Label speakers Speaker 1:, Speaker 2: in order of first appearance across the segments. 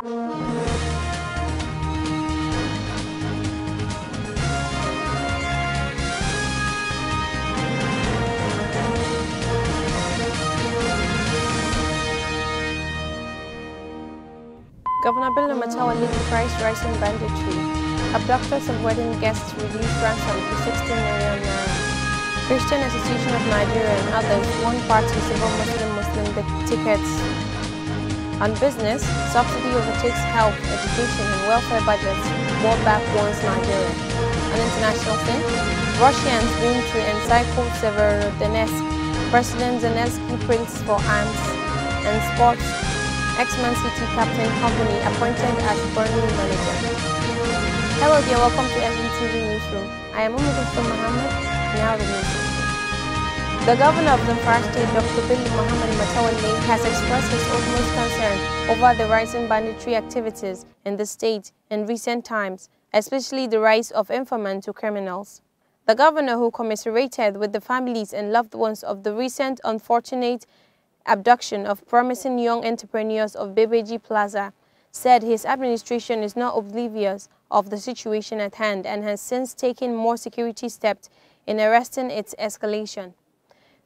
Speaker 1: Governor Bill Namatawa leading price rise in banditry. Abductors of wedding guests release ransom to 16 million naira. Christian Association of Nigeria and others won parties over Muslim-Muslim tickets on business, subsidy overtakes health, education and welfare budgets more back warns Nigeria. An international thing, Russians boom to encircle Severodonetsk, President Zelensky prints for arms and sports, X-Man City Captain Company appointed as Burnley manager. Hello dear, welcome to SBTV Newsroom. I am Umudufo Mohammed. now the newsroom. The governor of Zamfara State, Dr. Billy Muhammad Matawalli, has expressed his utmost concern over the rising banditry activities in the state in recent times, especially the rise of informants to criminals. The governor, who commiserated with the families and loved ones of the recent unfortunate abduction of promising young entrepreneurs of Bebeji Plaza, said his administration is not oblivious of the situation at hand and has since taken more security steps in arresting its escalation.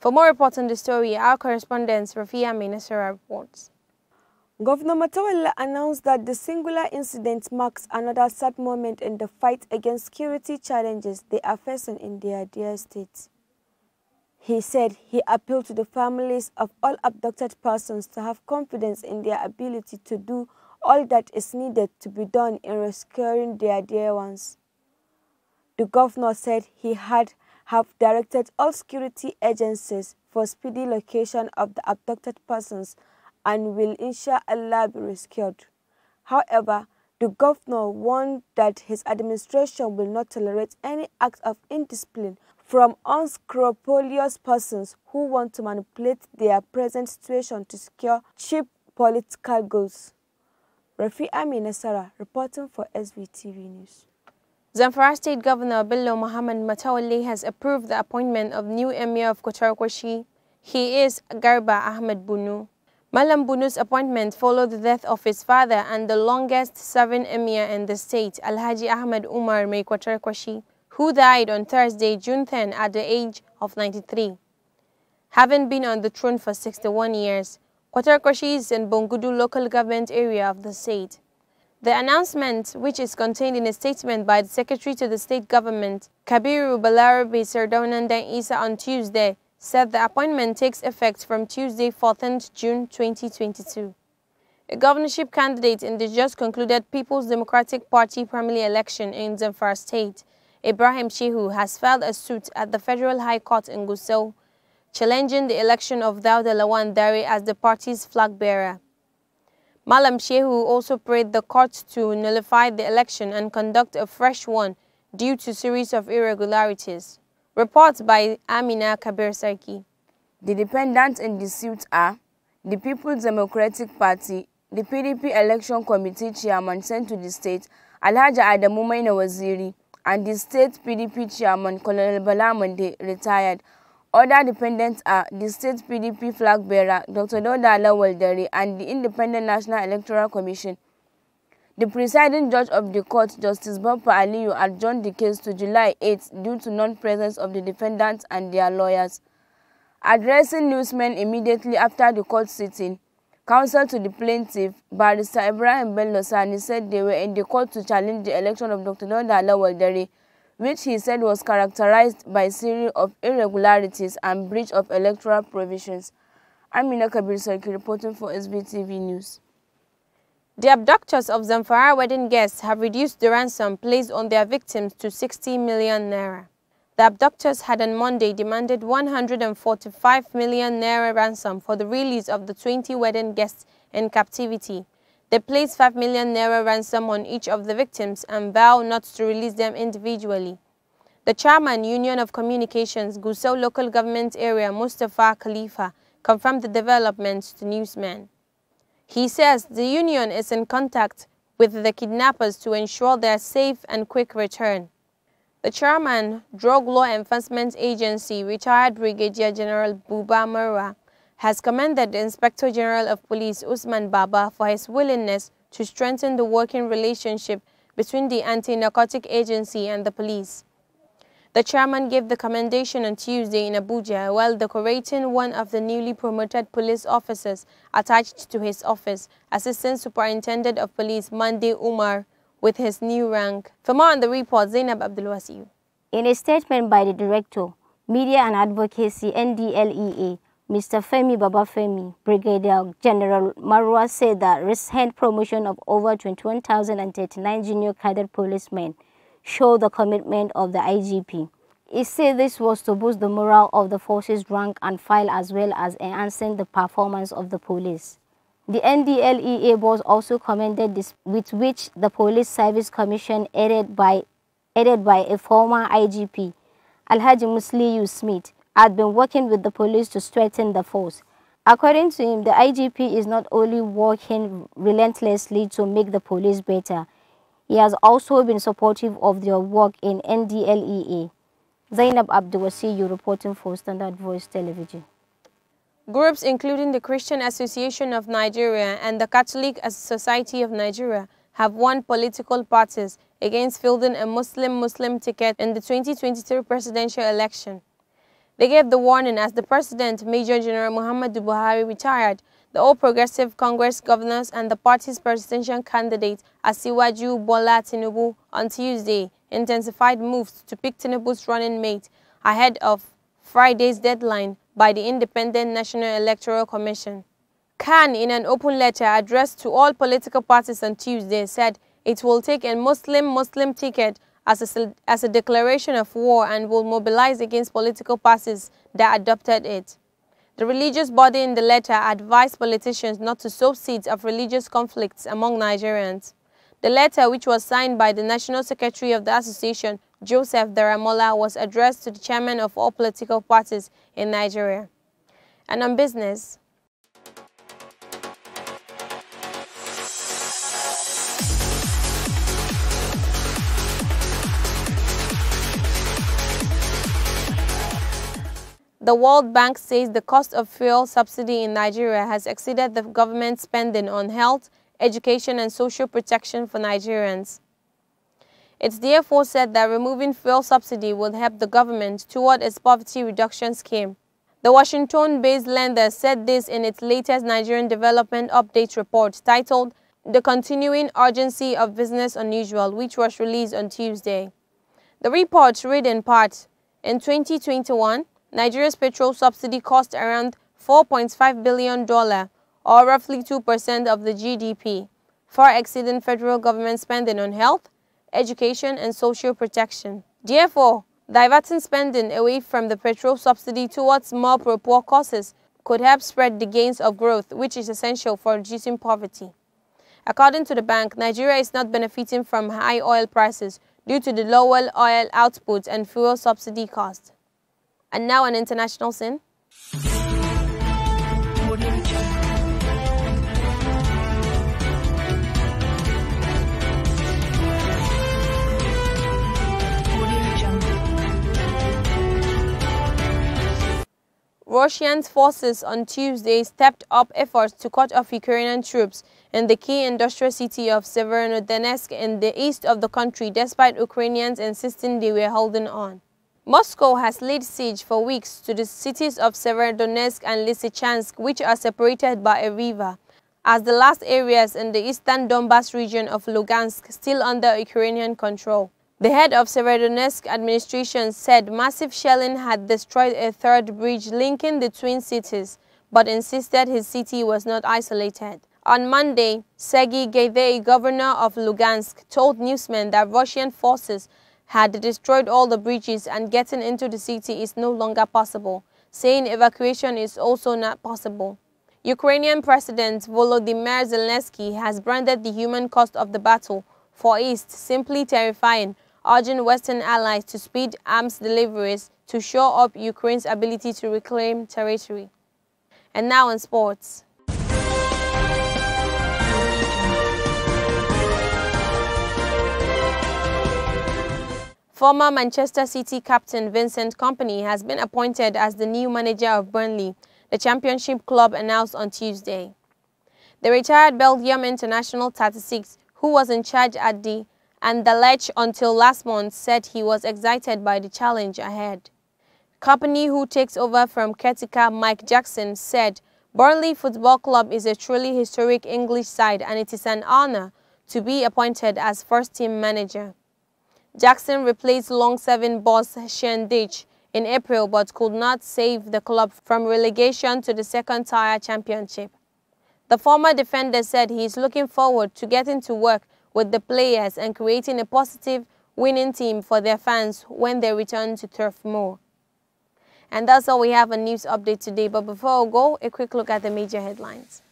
Speaker 1: For more reports on the story, our correspondent Rafia Minasera reports. Governor Matawela announced that the singular incident marks another sad moment in the fight against security challenges they are facing in their dear state. He said he appealed to the families of all abducted persons to have confidence in their ability to do all that is needed to be done in rescuing their dear ones. The governor said he had have directed all security agencies for speedy location of the abducted persons and will ensure a be rescued. However, the governor warned that his administration will not tolerate any act of indiscipline from unscrupulous persons who want to manipulate their present situation to secure cheap political goals. Rafi Ami Nasara reporting for SVTV News. Zamfara State Governor Bello Muhammad Matawale has approved the appointment of new Emir of Kotarkwashi. He is Garba Ahmed Bunu. Malam Bunu's appointment followed the death of his father and the longest-serving Emir in the state, Alhaji Ahmed Umar Mekwatarkwashi, who died on Thursday, June 10 at the age of 93. Having been on the throne for 61 years, is in Bongudu local government area of the state the announcement, which is contained in a statement by the Secretary to the State Government, Kabiru Balarabi Sardonanda Isa on Tuesday, said the appointment takes effect from Tuesday 14th June 2022. A governorship candidate in the just concluded People's Democratic Party primary election in Zamfara State, Ibrahim Shehu, has filed a suit at the Federal High Court in Gusau, challenging the election of Dawda Lawan Dari as the party's flag bearer. Malam Shehu also prayed the court to nullify the election and conduct a fresh one due to series of irregularities. Reports by Amina Kabir Serki. The defendants in dispute are the People's Democratic Party, the PDP Election Committee Chairman sent to the state, Alhaja Adamu Maina Waziri, and the state PDP Chairman Colonel Balamonde, retired, Other dependents are the state PDP flag bearer, Dr. Dauda Alaweldere, and the Independent National Electoral Commission. The presiding judge of the court, Justice Bapa Aliyu, adjourned the case to July 8 due to non-presence of the defendants and their lawyers. Addressing newsmen immediately after the court sitting, counsel to the plaintiff, Barrister Ibrahim Bellosani, said they were in the court to challenge the election of Dr. Dauda Alaweldere, which he said was characterized by a series of irregularities and breach of electoral provisions. Amina Kabir Sarki reporting for SBTV News. The abductors of Zamfara wedding guests have reduced the ransom placed on their victims to 60 million naira. The abductors had on Monday demanded 145 million naira ransom for the release of the 20 wedding guests in captivity. They place 5 million naira ransom on each of the victims and vow not to release them individually. The chairman, Union of Communications, Gusau Local Government Area, Mustafa Khalifa, confirmed the developments to newsmen. He says the union is in contact with the kidnappers to ensure their safe and quick return. The chairman, Drug Law Enforcement Agency, retired Brigadier General Buba Murrah, has commended the Inspector General of Police Usman Baba for his willingness to strengthen the working relationship between the anti-narcotic agency and the police. The chairman gave the commendation on Tuesday in Abuja while decorating one of the newly promoted police officers attached to his office, Assistant Superintendent of Police Monday Umar, with his new rank. For more on the report, Zainab Abdulwasiu. In a statement by the Director, Media and Advocacy, NDLEA, Mr. Femi Babafemi, Brigadier General Marwa said that recent promotion of over 21,039 junior cadet policemen showed the commitment of the IGP. He said this was to boost the morale of the forces rank and file as well as enhancing the performance of the police. The NDLEA boss also commended this, with which the Police Service Commission aided by, aided by a former IGP, Alhaji Musliu Smith, had been working with the police to strengthen the force. According to him, the IGP is not only working relentlessly to make the police better, he has also been supportive of their work in NDLEA. Zainab you reporting for Standard Voice Television. Groups including the Christian Association of Nigeria and the Catholic Society of Nigeria have warned political parties against fielding a Muslim-Muslim ticket in the 2023 presidential election. They gave the warning as the President, Major General Muhammadu Buhari, retired. The All Progressive Congress governors and the party's presidential candidate, Asiwaju Bola Tinubu, on Tuesday intensified moves to pick Tinubu's running mate ahead of Friday's deadline by the Independent National Electoral Commission. Khan, in an open letter addressed to all political parties on Tuesday, said it will take a Muslim-Muslim ticket as a, as a declaration of war and will mobilize against political parties that adopted it. The religious body in the letter advised politicians not to sow seeds of religious conflicts among Nigerians. The letter, which was signed by the National Secretary of the Association, Joseph Daramola, was addressed to the chairman of all political parties in Nigeria. And on business, The World Bank says the cost of fuel subsidy in Nigeria has exceeded the government's spending on health, education and social protection for Nigerians. It's therefore said that removing fuel subsidy will help the government toward its poverty reduction scheme. The Washington-based lender said this in its latest Nigerian Development Update report titled The Continuing Urgency of Business Unusual, which was released on Tuesday. The report read in part, in 2021, Nigeria's petrol subsidy cost around $4.5 billion, or roughly 2% of the GDP, far exceeding federal government spending on health, education, and social protection. Therefore, diverting spending away from the petrol subsidy towards more pro-poor causes could help spread the gains of growth, which is essential for reducing poverty. According to the bank, Nigeria is not benefiting from high oil prices due to the lower oil output and fuel subsidy costs and now an international scene. Russian forces on Tuesday stepped up efforts to cut off Ukrainian troops in the key industrial city of Severodonetsk in the east of the country, despite Ukrainians insisting they were holding on. Moscow has laid siege for weeks to the cities of Severodonetsk and Lysychansk, which are separated by a river, as the last areas in the eastern Donbas region of Lugansk still under Ukrainian control. The head of Severodonetsk administration said massive shelling had destroyed a third bridge linking the twin cities, but insisted his city was not isolated. On Monday, Sergei Gaidai, governor of Lugansk, told newsmen that Russian forces had destroyed all the bridges and getting into the city is no longer possible, saying evacuation is also not possible. Ukrainian President Volodymyr Zelensky has branded the human cost of the battle for East simply terrifying, urging Western allies to speed arms deliveries to shore up Ukraine's ability to reclaim territory. And now in sports. Former Manchester City captain Vincent Company has been appointed as the new manager of Burnley, the championship club announced on Tuesday. The retired Belgium international 36, who was in charge at the Anderlecht until last month, said he was excited by the challenge ahead. Company, who takes over from caretaker Mike Jackson, said, Burnley Football Club is a truly historic English side and it is an honour to be appointed as first-team manager. Jackson replaced long-serving boss Ditch in April but could not save the club from relegation to the second tier championship. The former defender said he is looking forward to getting to work with the players and creating a positive winning team for their fans when they return to Turf Moor. And that's all we have on news update today. But before I go, a quick look at the major headlines.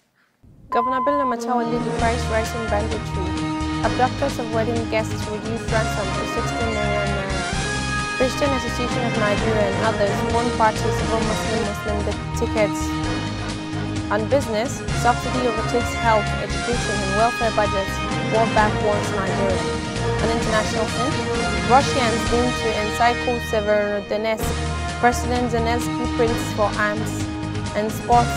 Speaker 1: Governor Bello Machawali price rising banditry Abductors of wedding guests reduced ransom to 16 million naira. Christian Association of Nigeria and others won parties over Muslim-Muslim tickets. On business, subsidy overtakes health, education and welfare budgets. War back warns Nigeria. On international scene, Russians doomed to encircle Severodonetsk President Zelensky prints for arms and sports.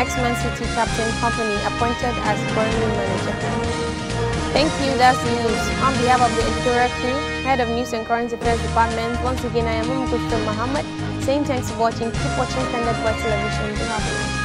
Speaker 1: X-Men City Captain Company appointed as Burnley manager. Thank you, that's the news. On behalf of the editorial crew, Head of News and Current Affairs Department, once again I am Umkushta Muhammad, saying thanks for watching. Keep watching Standard by Television. Good